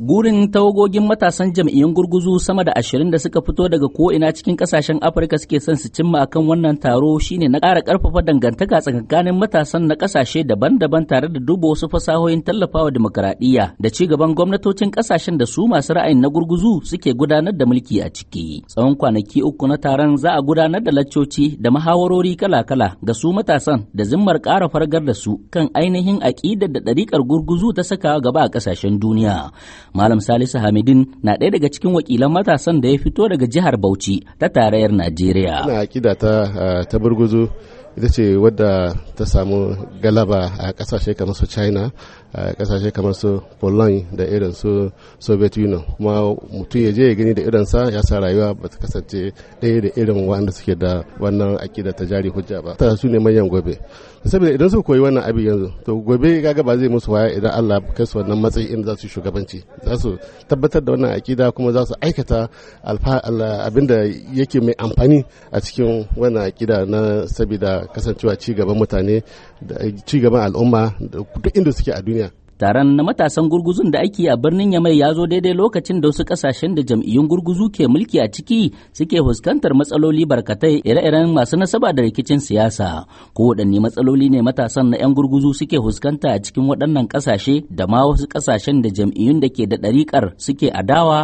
Gurin tawagogin matasan jam'iyyun gurguzu sama da ashirin da suka fito daga ko'ina cikin kasashen Afirka suke son su cimma akan wannan taro shine na ƙara ƙarfafa dangantaka tsakanin matasan na ƙasashe daban-daban tare da duba wasu fasahohin tallafawa dimokuraɗiyya da ci gaban gwamnatocin ƙasashen da su masu ra'ayin na gurguzu suke gudanar da mulki a ciki. Tsawon kwanaki uku na taron za a gudanar da laccoci da muhawarori kala-kala ga su matasan da zimmar ƙara fargar da su kan ainihin aƙidar da ɗariƙar gurguzu ta sakawa gaba a ƙasashen duniya. Malam Salisu Hamidin na ɗaya daga cikin wakilan matasan da ya fito daga jihar Bauchi ta tarayyar Najeriya. Ina akida ta burguzo ita ce wadda ta samu galaba a kasashe kamar su china a kasashe kamar su poland da irin su soviet union kuma mutum ya je ya gani da irinsa ya sa rayuwa ba ta kasance ɗaya da irin wanda suke da wannan akida ta jari hujja ba ta su ne manyan gobe saboda idan su koyi wannan abin yanzu to gobe gaga ba zai musu waya idan allah kai su wannan matsayi inda za su shugabanci za su tabbatar da wannan akida kuma za su aikata abin da yake mai amfani a cikin wannan akida na sabida kasancewa ci gaban mutane ci gaban al'umma duk inda suke a duniya Taron na matasan gurguzun da ake a birnin Yamai ya zo daidai lokacin da wasu kasashen da jam'iyyun gurguzu ke mulki a ciki suke fuskantar matsaloli barkatai ire-iren masu nasaba da rikicin siyasa. ko Kowaɗanne matsaloli ne matasan na 'yan gurguzu suke fuskanta a cikin waɗannan kasashe da ma wasu kasashen da jam'iyyun da ke da ɗariƙar suke adawa.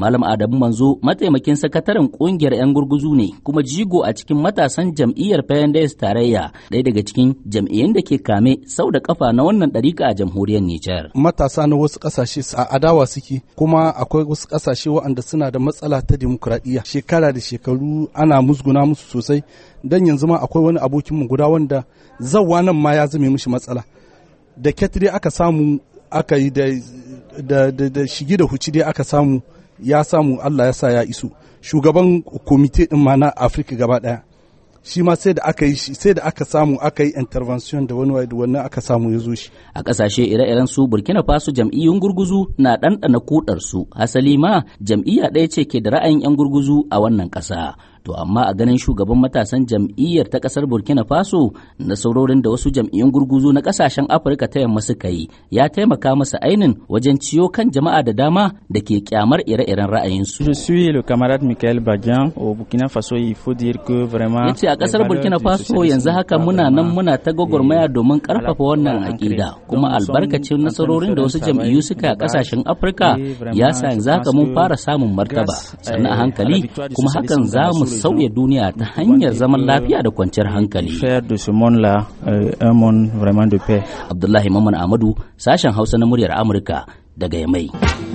Malam Adamu Manzo mataimakin sakataren ƙungiyar 'yan gurguzu ne kuma jigo a cikin matasan jam'iyyar Fayandes Tarayya ɗaya daga cikin jam'iyyun da ke kame sau da kafa na wannan ɗariƙa a jamhuriyar Nijar. Matasa na wasu kasashe a adawa suke kuma akwai wasu kasashe waɗanda suna da matsala ta demokradiyya shekara da shekaru ana musguna musu sosai don yanzu ma akwai wani abokin mu guda wanda zawa nan ma ya zame mishi matsala da ketire aka samu aka yi da shige da huci dai aka samu ya samu Allah ya sa ya iso shugaban komite din ma na Afirka gaba ɗaya shi ma sai da aka yi shi sai da aka samu aka yi intervention da wani da wannan aka samu ya zo shi a kasashe ire-iren su Burkina Faso jam'iyyun gurguzu na ɗanɗana kudar su hasali ma jam'iyya ɗaya ce ke da ra'ayin 'yan gurguzu a wannan ƙasa to amma a ganin shugaban matasan jam'iyyar ta kasar burkina faso na saurorin da wasu jam'iyyun gurguzu na kasashen afirka ta yamma suka yi ya taimaka masa ainin wajen ciyo kan jama'a da dama da ke kyamar ire-iren ra'ayinsu je suis le camarade michael bagian au burkina faso il faut dire que vraiment yace a kasar burkina faso yanzu haka muna nan muna ta gwagwarmaya domin karfafa wannan akida kuma albarkacin nasarorin da wasu jam'iyyu suka a kasashen afirka ya sa yanzu haka mun fara samun martaba sannan a hankali kuma hakan za mu sauya duniya ta hanyar zaman lafiya da kwanciyar hankali. Eh, Abdullahi Maman Amadu, sashen Hausa na muryar Amurka daga Yamai.